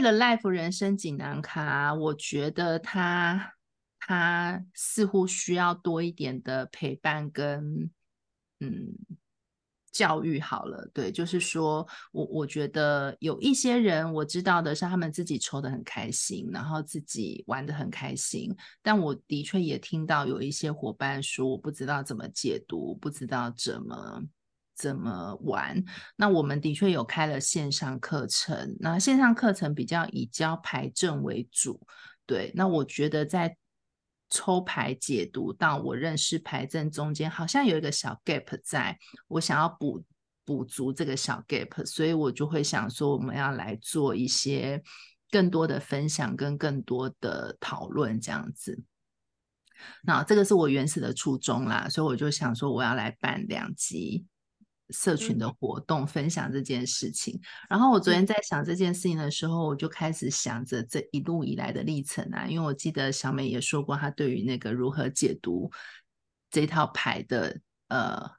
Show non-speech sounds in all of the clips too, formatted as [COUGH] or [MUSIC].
為了 Life 人生錦囊卡，我覺得他他似乎需要多一點的陪伴跟嗯教育好了。對，就是說，我我覺得有一些人我知道的是他們自己抽得很開心，然後自己玩得很開心。但我的確也聽到有一些夥伴說，我不知道怎麼解讀，不知道怎麼。怎麼玩？那我們的確有開了線上課程。那線上課程比較以教牌陣為主，對。那我覺得在抽牌解讀到我認識牌陣中間，好像有一個小 gap 在，我想要補補足這個小 gap，所以我就會想說，我們要來做一些更多的分享跟更多的討論，這樣子。那這個是我原始的初衷啦，所以我就想說，我要來辦兩集。社群的活動、嗯、分享這件事情，然後我昨天在想這件事情的時候，我就開始想着這一路以來的歷程啊，因為我記得小美也說過，她對於那個如何解讀這套牌的，呃，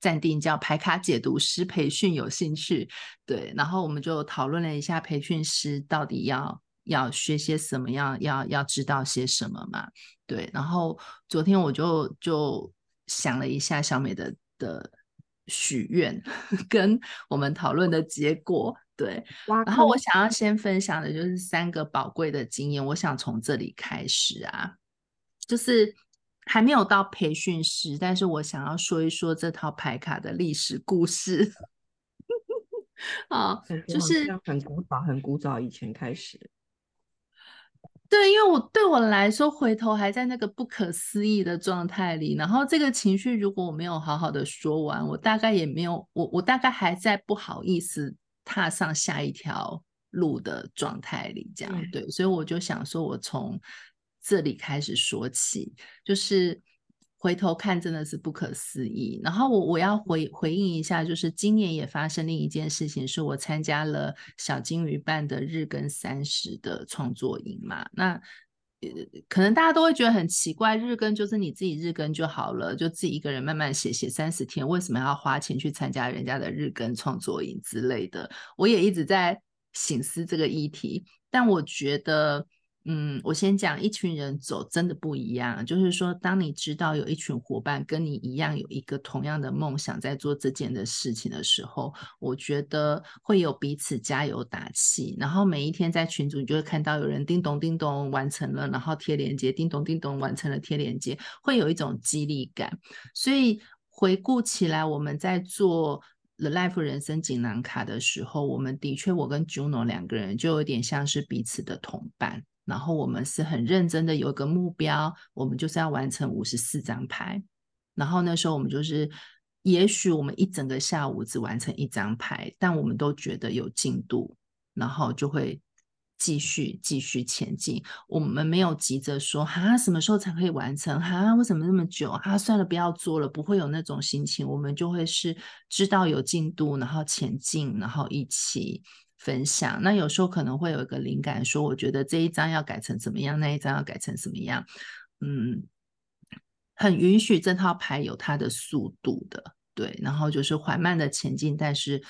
暫定叫牌卡解讀師培訓有興趣，對，然後我們就討論了一下，培訓師到底要要學些什麼，要要要知道些什麼嘛，對，然後昨天我就就想了一下小美的的。許願跟我們討論的結果，對。然後我想要先分享的就是三個寶貴的經驗，我想從這裡開始啊，就是還沒有到培訓師，但是我想要說一說這套牌卡的歷史故事。啊， [LAUGHS] 就是很古早，很古早以前開始。對，因為我對我來說，回頭還在那個不可思議的狀態裡，然後這個情緒如果我沒有好好的說完，我大概也沒有我我大概還在不好意思踏上下一條路的狀態裡，這樣、嗯、對，所以我就想說，我從這裡開始說起，就是。回頭看真的是不可思議。然後我我要回回應一下，就是今年也發生另一件事情，是我參加了小金魚辦的日更三十的創作營嘛。那、呃、可能大家都會覺得很奇怪，日更就是你自己日更就好了，就自己一個人慢慢寫寫三十天，為什麼要花錢去參加人家的日更創作營之類的？我也一直在省思這個議題，但我覺得。嗯，我先講，一群人走真的不一樣。就是說，當你知道有一群伙伴跟你一樣有一個同樣的夢想，在做這件的事情的時候，我覺得會有彼此加油打氣。然後每一天在群組，你就會看到有人叮咚叮咚完成了，然後貼鏈接，叮咚叮咚完成了貼鏈接，會有一種激勵感。所以回顧起來，我們在做 The Life 人生錦囊卡的時候，我們的確，我跟 Juno 兩個人就有點像是彼此的同伴。然後我們是很認真的，有一個目標，我們就是要完成五十四張牌。然後那時候我們就是，也許我們一整個下午只完成一張牌，但我們都覺得有進度，然後就會繼續繼續前進。我們沒有急着說哈、啊，什麼時候才可以完成？哈、啊，為什麼那麼久？啊，算了，不要做了，不會有那種心情。我們就會是知道有進度，然後前進，然後一起，分享。那有時候可能會有一個靈感說，說我覺得這一張要改成什麼樣，那一張要改成什麼樣，嗯，很允許這套牌有它的速度的，對，然後就是緩慢的前進，但是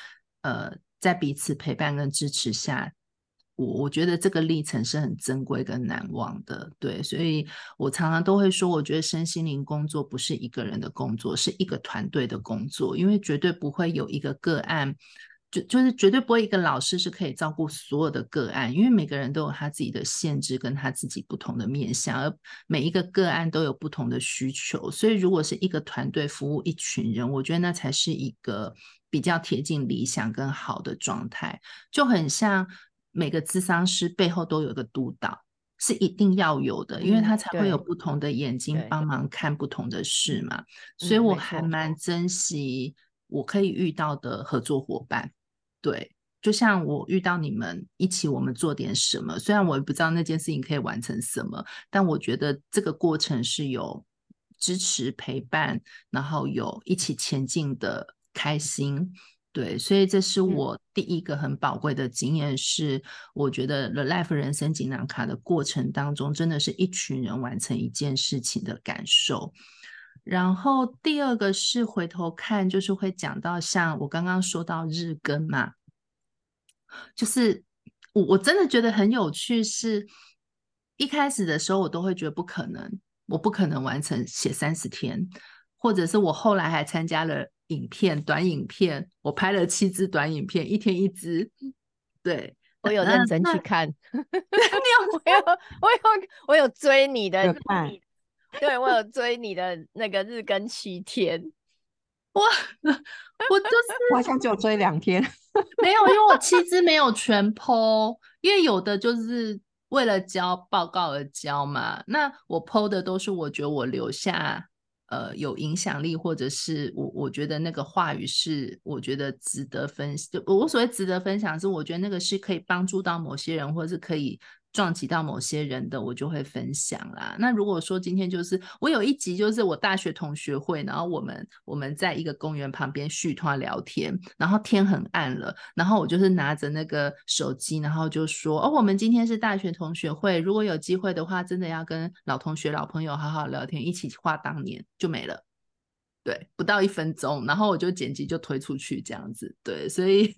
呃，在彼此陪伴跟支持下，我我覺得這個歷程是很珍貴跟難忘的，對，所以我常常都會說，我覺得身心靈工作不是一個人的工作，是一個團隊的工作，因為絕對不會有一個個案。就就是絕對不會一個老師是可以照顧所有的個案，因為每個人都有他自己的限制跟他自己不同的面向，而每一個個案都有不同的需求，所以如果是一個團隊服務一群人，我覺得那才是一個比較貼近理想跟好的狀態。就很像每個諮商師背後都有一個督導，是一定要有的，因為他才會有不同的眼睛幫忙看不同的事嘛。所以我還蠻珍惜我可以遇到的合作夥伴。對，就像我遇到你們一起，我們做點什麼。雖然我也不知道那件事情可以完成什麼，但我覺得這個過程是有支持、陪伴，然後有一起前進的開心。對，所以這是我第一個很寶貴的經驗是，是、嗯、我覺得《The Life 人生錦囊卡》的過程當中，真的是一群人完成一件事情的感受。然後第二個是回頭看，就是會講到像我剛剛說到日更嘛，就是我我真的覺得很有趣，是一開始的時候我都會覺得不可能，我不可能完成寫三十天，或者是我後來還參加了影片短影片，我拍了七支短影片，一天一支，對，我有認真去看 [LAUGHS] [LAUGHS] [LAUGHS] 你有，我有我有我有追你的。 [LAUGHS] 對，我有追你的那個日更七天，我我就是，我好像就追兩天， [LAUGHS] 沒有，因為我其實沒有全 PO，因為有的就是為了交報告而交嘛。那我 PO 的都是我覺得我留下呃有影響力，或者是我我覺得那個話語是我覺得值得分享。就我所謂值得分享是我覺得那個是可以幫助到某些人，或者是可以。撞擊到某些人的，我就會分享啦。那如果說今天就是我有一集，就是我大學同學會，然後我們我們在一個公園旁邊敘話聊天，然後天很暗了，然後我就是拿着那個手機，然後就說：哦，我們今天是大學同學會，如果有機會的話，真的要跟老同學、老朋友好好聊天，一起話當年就沒了。對，不到一分鐘，然後我就剪輯就推出去這樣子。對，所以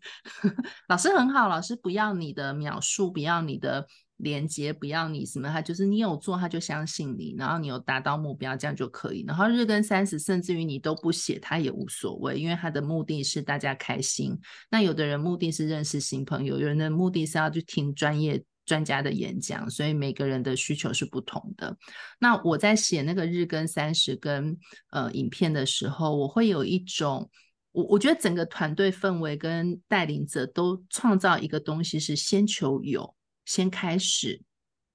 呵呵老師很好，老師不要你的描述，不要你的。連接不要你什麼，他就是你有做，他就相信你，然後你有達到目標，這樣就可以。然後日更三十，甚至於你都不寫，他也無所謂，因為他的目的是大家開心。那有的人目的是認識新朋友，有人的目的是要去聽專業專家的演講，所以每個人的需求是不同的。那我在寫那個日更三十跟呃影片的時候，我會有一種，我我覺得整個團隊氛圍跟帶領者都創造一個東西是先求有。先開始，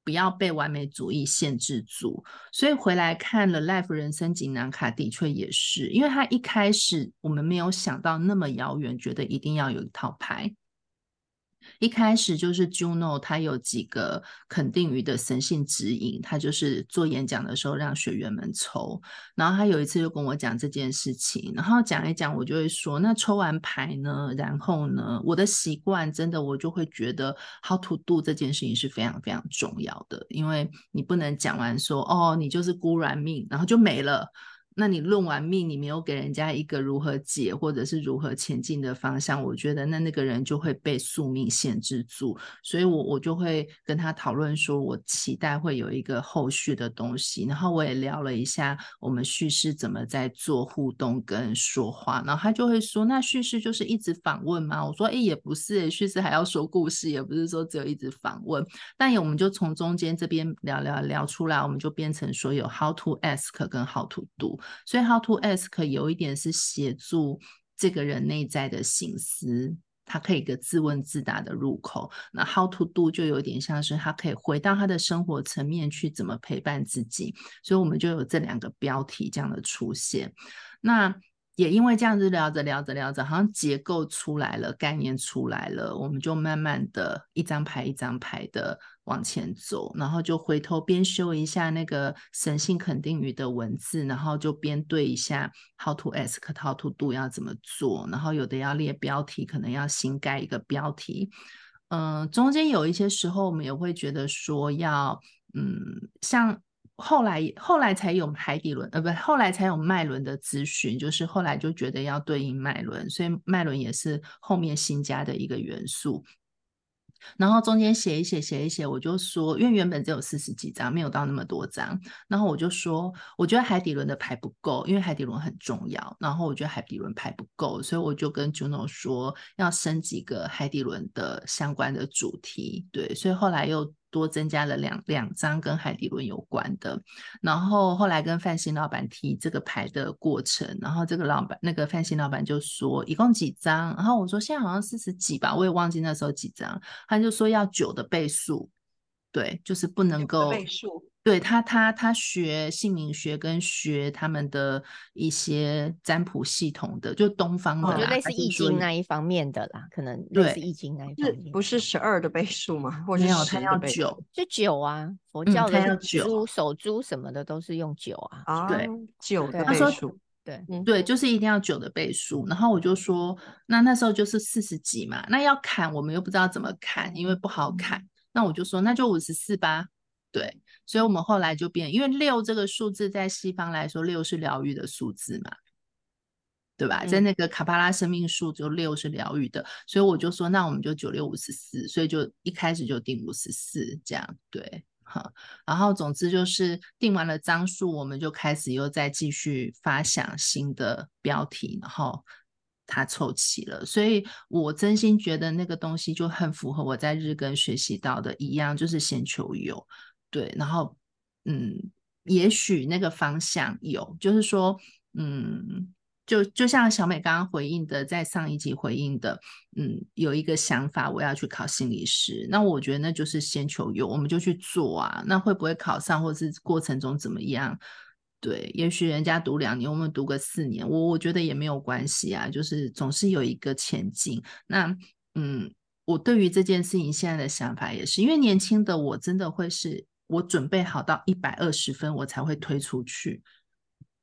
不要被完美主義限制住。所以回來看了《Life 人生錦囊卡》，的確也是，因為他一開始我們沒有想到那麼遙遠，覺得一定要有一套牌。一開始就是 Juno，他有幾個肯定語的神性指引，他就是做演講的時候讓學員們抽，然後他有一次就跟我講這件事情，然後講一講，我就會說，那抽完牌呢，然後呢，我的習慣真的，我就會覺得 how to do 這件事情是非常非常重要的，因為你不能講完說哦，你就是孤鸞命，然後就沒了。那你論完命，你沒有給人家一個如何解或者是如何前進的方向，我覺得那那個人就會被宿命限制住。所以我我就會跟他討論說，我期待會有一個後續的東西。然後我也聊了一下我們敘事怎麼在做互動跟說話。然後他就會說，那敘事就是一直訪問嗎？我說，哎，也不是，欸，敘事還要說故事，也不是說只有一直訪問。但也我們就從中間這邊聊聊聊出來，我們就變成說有 how to ask 跟 how to do。所以，How to ask 有一點是協助這個人內在的心思，他可以一個自問自答的入口。那 How to do 就有點像是他可以回到他的生活層面去怎麼陪伴自己。所以，我們就有這兩個標題這樣的出現。那也因為這樣子聊着聊着聊着，好像結構出來了，概念出來了，我們就慢慢的，一張牌一張牌的往前走，然後就回頭邊修一下那個神性肯定語的文字，然後就邊對一下 how to ask 和 how to do 要怎麼做，然後有的要列標題，可能要新蓋一個標題，嗯、呃，中間有一些時候，我們也會覺得說要，嗯，像。後來，後來才有海底輪，呃，不，後來才有脈輪的諮詢，就是後來就覺得要對應脈輪，所以脈輪也是後面新加的一個元素。然後中間寫一寫，寫一寫，我就說，因為原本只有四十幾張，沒有到那麼多張。然後我就說，我覺得海底輪的牌不夠，因為海底輪很重要。然後我覺得海底輪牌不夠，所以我就跟 Juno 說，要升幾個海底輪的相關的主題。對，所以後來又。多增加了兩兩張跟海底輪有關的，然後後來跟范鑫老闆提這個牌的過程，然後這個老闆那個范鑫老闆就說，一共幾張？然後我說現在好像四十幾吧，我也忘記那時候幾張，他就說要九的倍數，對，就是不能夠倍數。對他，他他學姓名學，跟學他們的一些占卜系統的，就東方的、哦，就類似易經那一方面的啦，是可能對易經那一不是十二的倍數嗎？或者是他要九，就九啊，佛教的珠、嗯、手珠什麼的都是用九啊，、嗯、啊，對九的倍數，他說對對，、嗯、對，就是一定要九的倍數。然後我就說，那那時候就是四十幾嘛，那要砍我們又不知道怎麼砍，因為不好砍。嗯、那我就說，那就五十四吧，對。所以我們後來就變，因為六這個數字在西方來說，六是療癒的數字嘛，對吧？嗯、在那個卡巴拉生命數，就六是療癒的，所以我就說，那我們就九六五十四，所以就一開始就定五十四，這樣，對。然後總之就是定完了張數，我們就開始又再繼續發想新的標題，然後它湊齊了。所以我真心覺得那個東西就很符合我在日更學習到的一樣，就是先求有。對，然後嗯，也許那個方向有，就是說，嗯，就就像小美剛剛回應的，在上一集回應的，嗯，有一個想法，我要去考心理師，那我覺得那就是先求有，我們就去做啊，那會不會考上，或是過程中怎麼樣？對，也許人家讀兩年，我們讀個四年，我我覺得也沒有關係啊，就是總是有一個前進。那嗯，我對於這件事情現在的想法也是，因為年輕的我真的會是。我準備好到一百二十分，我才會推出去。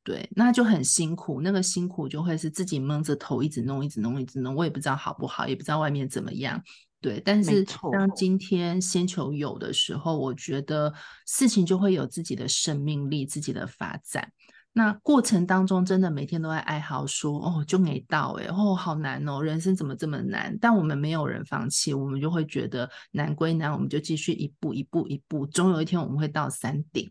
對，那就很辛苦，那個辛苦就會是自己蒙着頭一直弄，一直弄，一直弄。我也不知道好不好，也不知道外面怎麼樣。對，但是當今天先求有的時候，我覺得事情就會有自己的生命力，自己的發展。那過程當中，真的每天都在哀嚎，說：“哦，就沒到哎、欸，哦，好難哦，人生怎麼這麼難？”但我們沒有人放棄，我們就會覺得難歸難，我們就繼續一步一步，一步，總有一天我們會到山頂。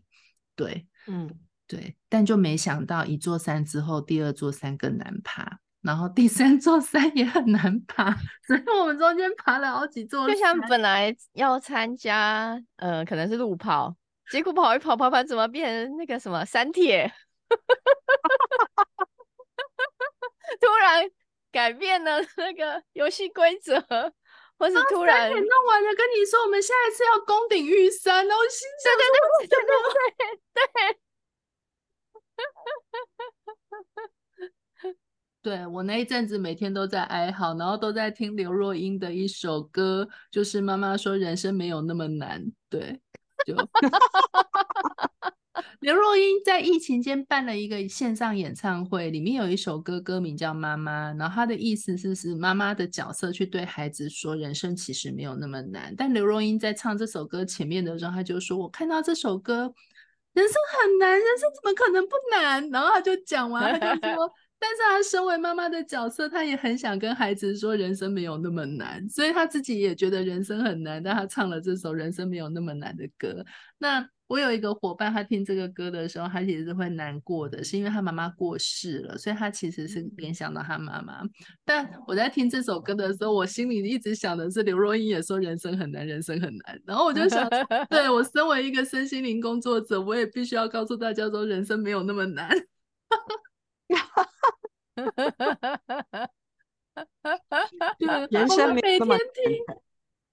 對，嗯，對。但就沒想到，一座山之後，第二座山更難爬，然後第三座山也很難爬，所以我們中間爬了好幾座。就像本來要參加，呃，可能是路跑，結果跑一跑跑跑，怎麼變成那個什麼山鐵？ [LAUGHS] [LAUGHS] 突然改變了那個遊戲規則，或是突然弄完了跟你說，我們下一次要攻頂玉山哦心！對對對對對 [LAUGHS] 對對。哈哈哈對，我那一陣子每天都在哀嚎，然後都在聽劉若英的一首歌，就是媽媽說人生沒有那麼難。對，就。 [LAUGHS] [LAUGHS] 劉若英在疫情期間辦了一個線上演唱會，裡面有一首歌，歌名叫《媽媽》，然後她的意思是是媽媽的角色去對孩子說，人生其實沒有那麼難。但劉若英在唱這首歌前面的時候，她就說：“我看到這首歌，人生很難，人生怎麼可能不難？”然後她就講完了，她說：“ [LAUGHS] 但是她身為媽媽的角色，她也很想跟孩子說，人生沒有那麼難。”所以她自己也覺得人生很難，但她唱了這首《人生沒有那麼難》的歌，那。我有一個夥伴，他聽這個歌的時候，他其實是會難過的，是因為他媽媽過世了，所以他其實是聯想到他媽媽。但我在聽這首歌的時候，我心裡一直想的是，劉若英也說人生很難，人生很難。然後我就想說，對我身為一個身心靈工作者，我也必須要告訴大家說，人生沒有那麼難。哈哈哈哈哈哈！對，人生沒那麼天，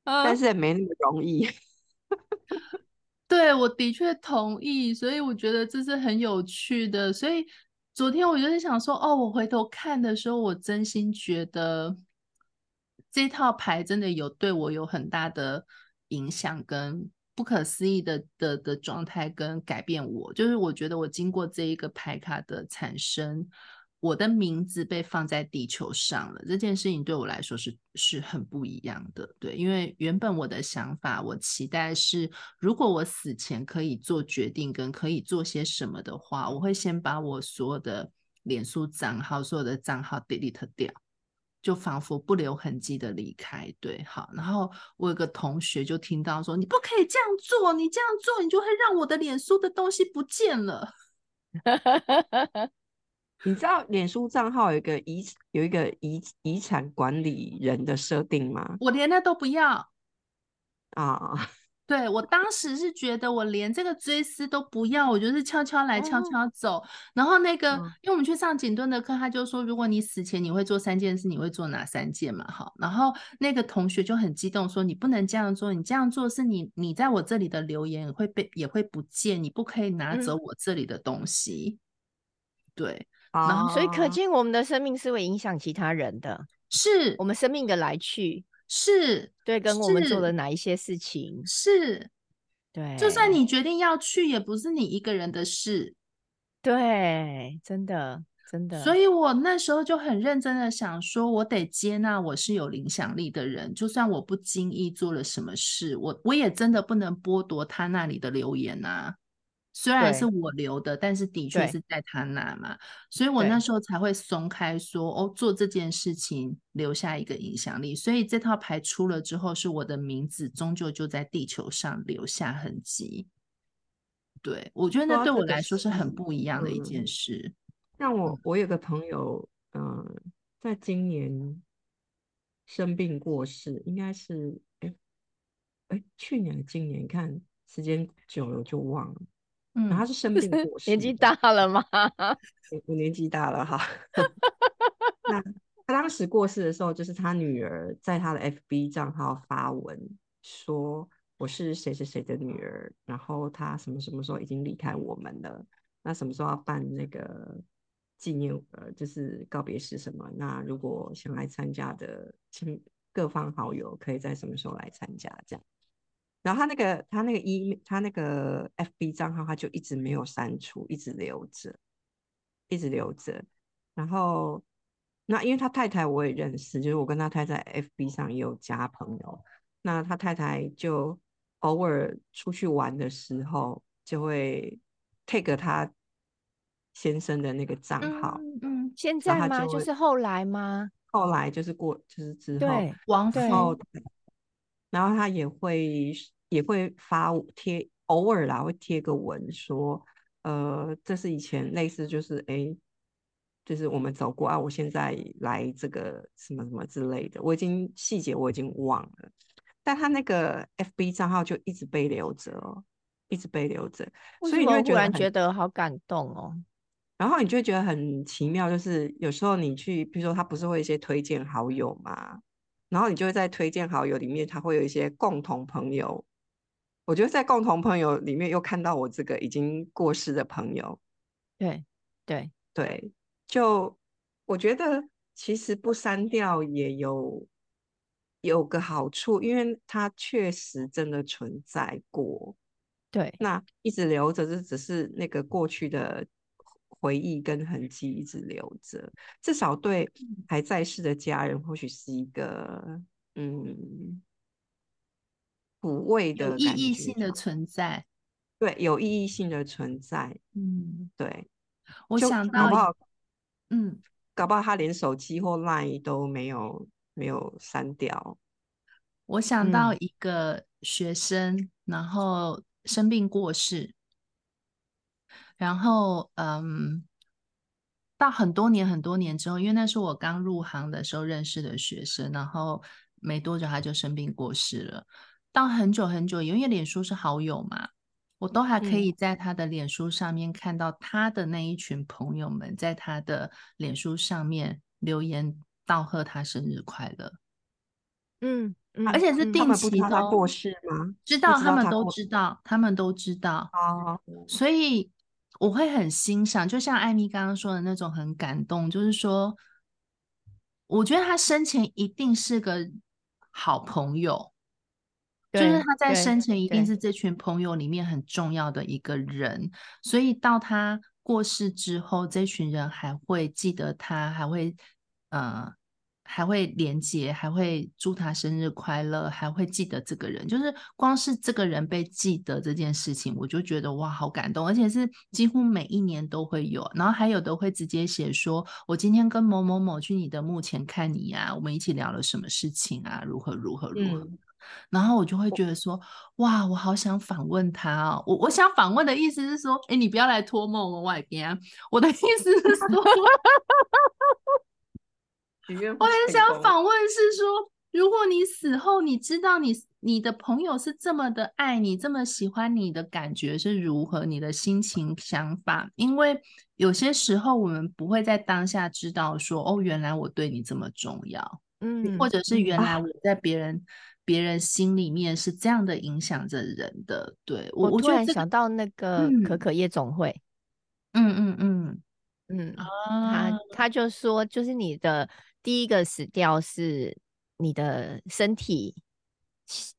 但是也沒那麼容易。 [LAUGHS] 對，我的確同意，所以我覺得這是很有趣的。所以昨天我就是想說，哦，我回頭看的時候，我真心覺得這套牌真的有對我有很大的影響，跟不可思議的的的狀態跟改變我。我就是我覺得我經過這一個牌卡的產生。我的名字被放在地球上了，這件事情對我來說是是很不一樣的，對，因為原本我的想法，我期待是，如果我死前可以做決定跟可以做些什麼的話，我會先把我所有的臉書賬號、所有的賬號 delete 掉，就仿佛不留痕跡地離開，對，好，然後我有個同學就聽到說，你不可以這樣做，你這樣做，你就會讓我的臉書的東西不見了。 [LAUGHS] 你知道臉書賬號有一個遺有一個遺遺產管理人的設定嗎？我連那都不要啊！Oh. 對，我當時是覺得我連這個追思都不要，我就是悄悄來悄悄、oh. 走。然後那個、oh. 因為我們去上井頓的課，他就說，如果你死前你會做三件事，你會做哪三件嘛？哈！然後那個同學就很激動說，你不能這樣做，你這樣做是你你在我這裡的留言會被也會不見，你不可以拿走我這裡的東西，mm -hmm. 對。啊、哦哦，所以可見我們的生命是會影響其他人的，是我們生命的來去，是對，跟我們做了哪一些事情，是，是對。就算你決定要去，也不是你一個人的事，對，真的，真的。所以我那時候就很認真的想說，我得接納我是有影響力的人，就算我不經意做了什麼事，我我也真的不能剝奪他那裡的留言啊。雖然是我留的，但是的確是在他那嘛，所以我那時候才會鬆開說，哦，做這件事情留下一個影響力，所以這套牌出了之後，是我的名字，終究就在地球上留下痕跡。對，我覺得那對我來說是很不一樣的一件事。哦，這個，嗯、那我，我有個朋友，嗯、呃，在今年生病過世，應該是，哎，哎，去年今年，看時間久了就忘了。嗯、然後他是生病過世，年紀大了嗎？我 [LAUGHS] 年紀大了哈。 [LAUGHS] 那他當時過世的時候，就是他女兒在他的 FB 賬號發文說我是誰誰誰的女兒，然後他什麼什麼時候已經離開我們了。那什麼時候要辦那個紀念？呃，就是告別式什麼？那如果想來參加的親各方好友，可以在什麼時候來參加？這樣。然後他那個他那個一他那個 F B 賬號他就一直沒有刪除，一直留着，一直留着。然後那因為他太太我也認識，就是我跟他太太在 F B 上也有加朋友。那他太太就偶爾出去玩的時候，就會 take 他先生的那個賬號嗯。嗯，現在嗎就？就是後來嗎？後來就是過，就是之後對王對後。然後他也會也會發貼，偶爾啦會貼個文說，呃，這是以前類似，就是哎，就是我們走過啊，我現在來這個什麼什麼之類的，我已經細節我已經忘了，但他那個 FB 賬號就一直被留着，哦，一直被留着，所以麼突然覺得好感動哦？然後你就會覺得很奇妙，就是有時候你去，比如說他不是會一些推薦好友嘛？然後你就會在推薦好友裡面，他會有一些共同朋友。我覺得在共同朋友裡面又看到我這個已經過世的朋友，對，對，對，就我覺得其實不刪掉也有有個好處，因為它確實真的存在過。對，那一直留着這只是那個過去的。回憶跟痕跡一直留着，至少對還在世的家人，或許是一個嗯撫慰、嗯、的、有意義性的存在。對，有意義性的存在。嗯，對。我想到，搞不好，嗯，搞不好他連手機或 Line 都沒有沒有刪掉。我想到一個學生，嗯、然後生病過世。然後，嗯，到很多年很多年之後，因為那是我剛入行的時候認識的學生，然後沒多久他就生病過世了。到很久很久，因為臉書是好友嘛，我都還可以在他的臉書上面看到他的那一群朋友們在他的臉書上面留言道賀他生日快樂。嗯，嗯，而且是定期的過世嗎？知道他們都知道，他們都知道。哦，所以。我會很欣賞，就像愛咪剛剛說的那種很感動，就是說，我覺得他生前一定是個好朋友，就是他在生前一定是這群朋友裡面很重要的一個人，所以到他過世之後，這群人還會記得他，還會，呃。還會連接，還會祝他生日快樂，還會記得這個人。就是光是這個人被記得這件事情，我就覺得哇，好感動。而且是幾乎每一年都會有。然後還有的會直接寫說：“我今天跟某某某去你的墓前看你啊，我們一起聊了什麼事情啊，如何如何如何。嗯”然後我就會覺得說：“哇，我好想反問他啊、哦。”我我想反問的意思是說：“哎、欸，你不要來托夢我，我外邊。”我的意思是說。 [LAUGHS] [LAUGHS] [MUSIC] 我很想訪問，是說，如果你死後，你知道你你的朋友是這麼的愛你，這麼喜歡你的感覺是如何？你的心情、想法，因為有些時候我們不會在當下知道說，說，哦，原來我對你這麼重要，嗯，或者是原來我在別人別、嗯、人心裡面是這樣的影響着人的。對，我，我突然想到那、這個、嗯、可可夜總會，嗯嗯嗯嗯，嗯嗯啊、他他就說，就是你的。第一個死掉是你的身體，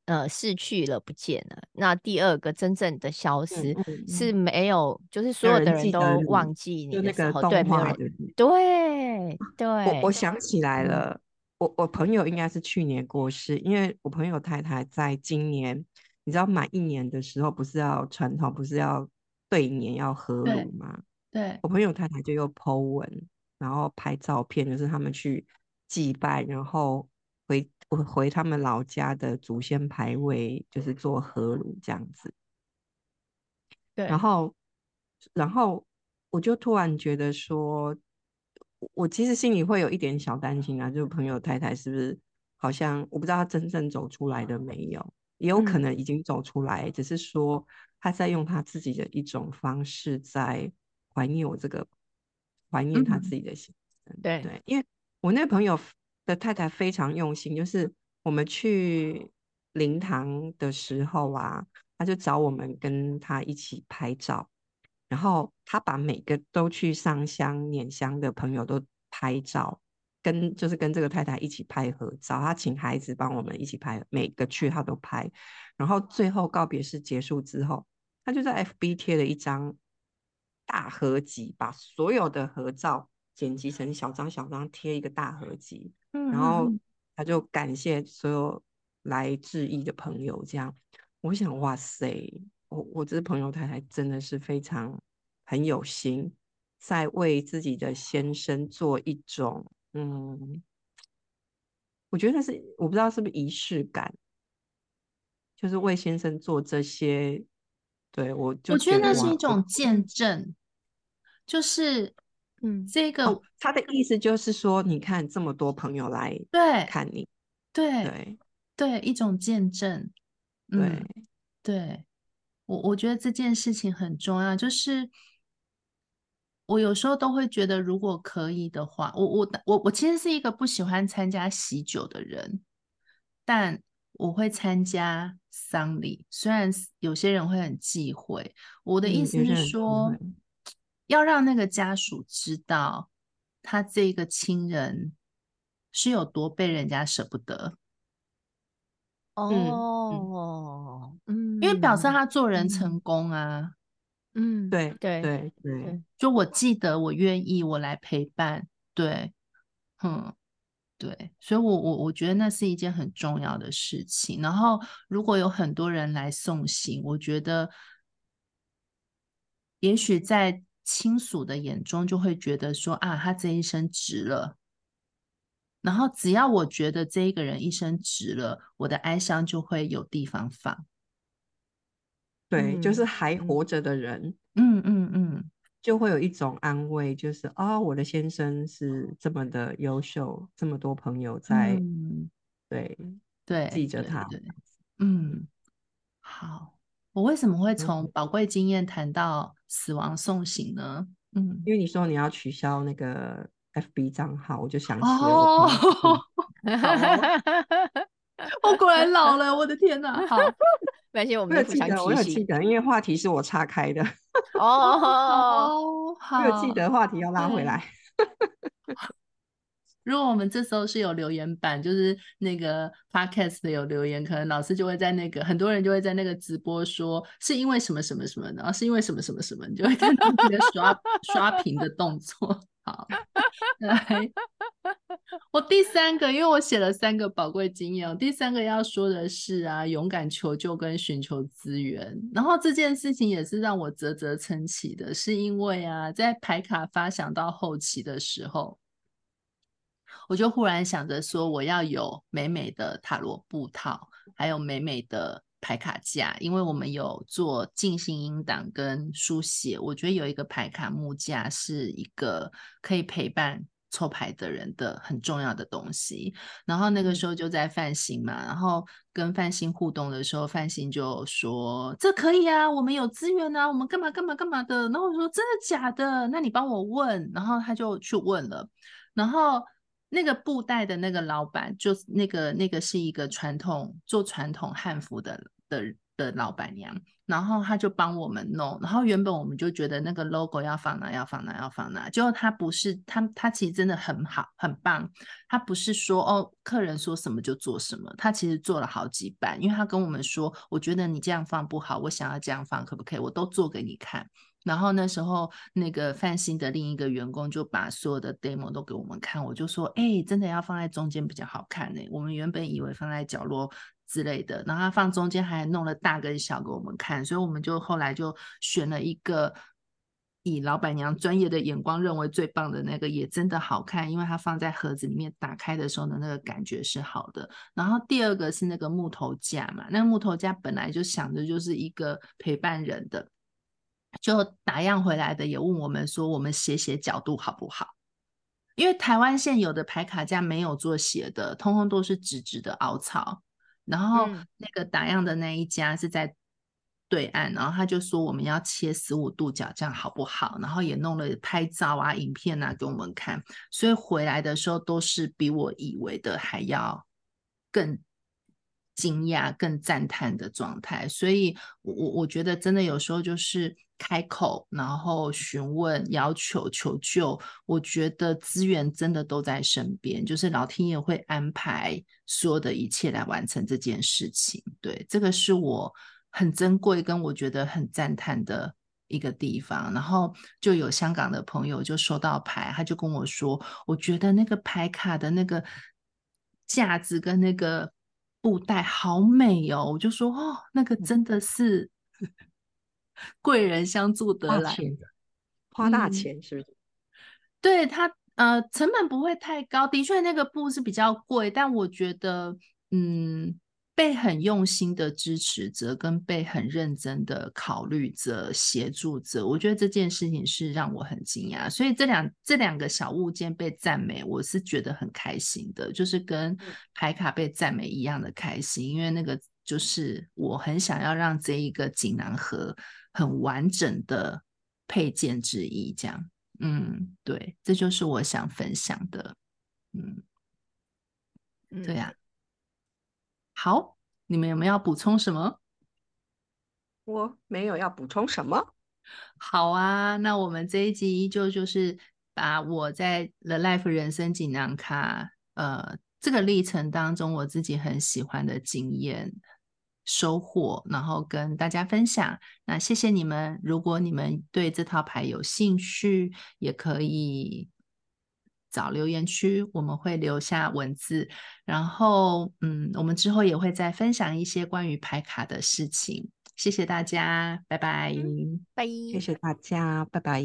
呃，逝去了，不見了。那第二個真正的消失，是沒有、嗯嗯，就是所有的人都忘記你的時候。記那個動畫的，對，對，對，對。我我想起來了，嗯、我我朋友應該是去年過世，因為我朋友太太在今年，你知道滿一年的時候，不是要傳統，不是要對年要合爐嗎？對？對，我朋友太太就又 PO 文。然後拍照片，就是他們去祭拜，然後回回他們老家的祖先牌位，就是做合爐這樣子。對，然後然後我就突然覺得說，我其實心裡會有一點小擔心啊，就是朋友太太是不是好像我不知道他真正走出來的沒有，也有可能已經走出來，嗯、只是說他在用他自己的一種方式在懷念我這個。懷念他自己的心，嗯，對對，因為我那朋友的太太非常用心，就是我們去靈堂的時候啊，他就找我們跟他一起拍照，然後他把每個都去上香、捻香的朋友都拍照，跟就是跟這個太太一起拍合照，他請孩子幫我們一起拍，每個去他都拍，然後最後告別式結束之後，他就在 FB 貼了一張。大合集，把所有的合照剪輯成小張，小張貼一個大合集，嗯，然後他就感謝所有來致意的朋友。這樣，我想，哇塞，我我這朋友太太真的是非常很有心，在為自己的先生做一種，嗯，我覺得那是我不知道是不是儀式感，就是為先生做這些，對我，就我，我覺得那是一種見證。就是，嗯，這個、哦、他的意思就是說，你看這麼多朋友來，對，看你，對對對，對，對，對，一種見證，對、嗯、對，我我覺得這件事情很重要，就是我有時候都會覺得，如果可以的話，我我我我其實是一個不喜歡參加喜酒的人，但我會參加喪禮，雖然有些人會很忌諱，我的意思、嗯、是說。嗯嗯要讓那個家屬知道，他這個親人是有多被人家捨不得。哦、oh, 嗯嗯嗯，因為表示他做人成功啊。嗯，嗯對對對對，就我記得我願意我來陪伴。對，嗯，對，所以我，我我我覺得那是一件很重要的事情。然後，如果有很多人來送行，我覺得，也許在。親屬的眼中就會覺得說啊，他這一生值了。然後只要我覺得這一個人一生值了，我的哀傷就會有地方放。對，嗯、就是還活着的人，嗯嗯嗯、嗯，就會有一種安慰，就是啊、哦，我的先生是這麼的優秀、嗯，這麼多朋友在，嗯、對、對對，記着他，嗯，好。我為什麼會從寶貴經驗談到死亡送行呢？嗯，因為你說你要取消那個 FB 賬號，我就想起哦，我，哦 [LAUGHS] 我果然老了，我的天哪，啊！好，沒關係 [LAUGHS] 我們起非常記得，因為話題是我岔開的哦 [LAUGHS] ，oh， [LAUGHS] 好，記得話題要拉回來。如果我們這時候是有留言板，就是那個 podcast 有留言，可能老師就會在那個很多人就會在那個直播說是因為什麼什麼什麼的，是因為什麼什麼什麼的，就會看到那個刷 [LAUGHS] 刷屏的動作。好，來，我第三個，因為我寫了三個寶貴經驗，第三個要說的是啊，勇敢求救跟尋求資源。然後這件事情也是讓我嘖嘖稱奇的，是因為啊，在牌卡發想到後期的時候。我就忽然想着說，我要有美美的塔羅布套，還有美美的牌卡架，因為我們有做靜心音檔跟書寫，我覺得有一個牌卡木架是一個可以陪伴抽牌的人的很重要的東西。然後那個時候就在范心嘛，然後跟范心互動的時候，范心就說這可以啊，我們有資源啊，我們幹嘛幹嘛幹嘛的。然後我說真的假的？那你幫我問。然後他就去問了，然後。那個布袋的那個老闆，就那個那個是一個傳統做傳統漢服的的的老闆娘，然後他就幫我們弄。然後原本我們就覺得那個 logo 要放哪要放哪要放哪，結果他不是他他其實真的很好很棒，他不是說哦客人說什麼就做什麼，他其實做了好幾版，因為他跟我們說，我覺得你這樣放不好，我想要這樣放可不可以？我都做給你看。然後那時候，那個范新的另一個員工就把所有的 demo 都給我們看，我就說：“哎、欸，真的要放在中間比較好看呢、欸。我們原本以為放在角落之類的，然後他放中間還弄了大跟小給我們看，所以我們就後來就選了一個以老闆娘專業的眼光認為最棒的那個，也真的好看，因為它放在盒子裡面打開的時候的那個感覺是好的。然後第二個是那個木頭架嘛，那個、木頭架本來就想著就是一個陪伴人的。”就打樣回來的也問我們說，我們斜斜角度好不好？因為台灣現有的牌卡架沒有做斜的，通通都是直直的凹槽。然後那個打樣的那一家是在對岸，然後他就說我們要切十五度角，這樣好不好？然後也弄了拍照啊、影片啊給我們看，所以回來的時候都是比我以為的還要更。驚訝、更讚嘆的狀態，所以，我我覺得真的有時候就是開口，然後詢問、要求、求救，我覺得資源真的都在身邊，就是老天爺會安排所有的一切來完成這件事情。對，這個是我很珍貴，跟我覺得很讚嘆的一個地方。然後就有香港的朋友就收到牌，他就跟我說，我覺得那個牌卡的那個價值跟那個。布袋好美哦，我就說哦，那個真的是貴人相助得來花，花大錢是不是，嗯？對它呃，成本不會太高，的確那個布是比較貴，但我覺得嗯。被很用心的支持者跟被很認真的考慮者協助者，我覺得這件事情是讓我很驚訝。所以這兩這兩個小物件被讚美，我是覺得很開心的，就是跟牌卡被讚美一樣的開心，嗯，因為那個就是我很想要讓這一個錦囊盒很完整的配件之一。這樣，嗯，對，這就是我想分享的，嗯，對呀，啊。嗯好，你們有沒有要補充什麼？我沒有要補充什麼。好啊，那我們這一集就就是把我在 The Life 人生錦囊卡呃這個歷程當中，我自己很喜歡的經驗收穫，然後跟大家分享。那謝謝你們，如果你們對這套牌有興趣，也可以。找留言區，我們會留下文字。然後，嗯，我們之後也會再分享一些關於牌卡的事情。謝謝大家，拜拜。拜、嗯。謝謝大家，拜拜。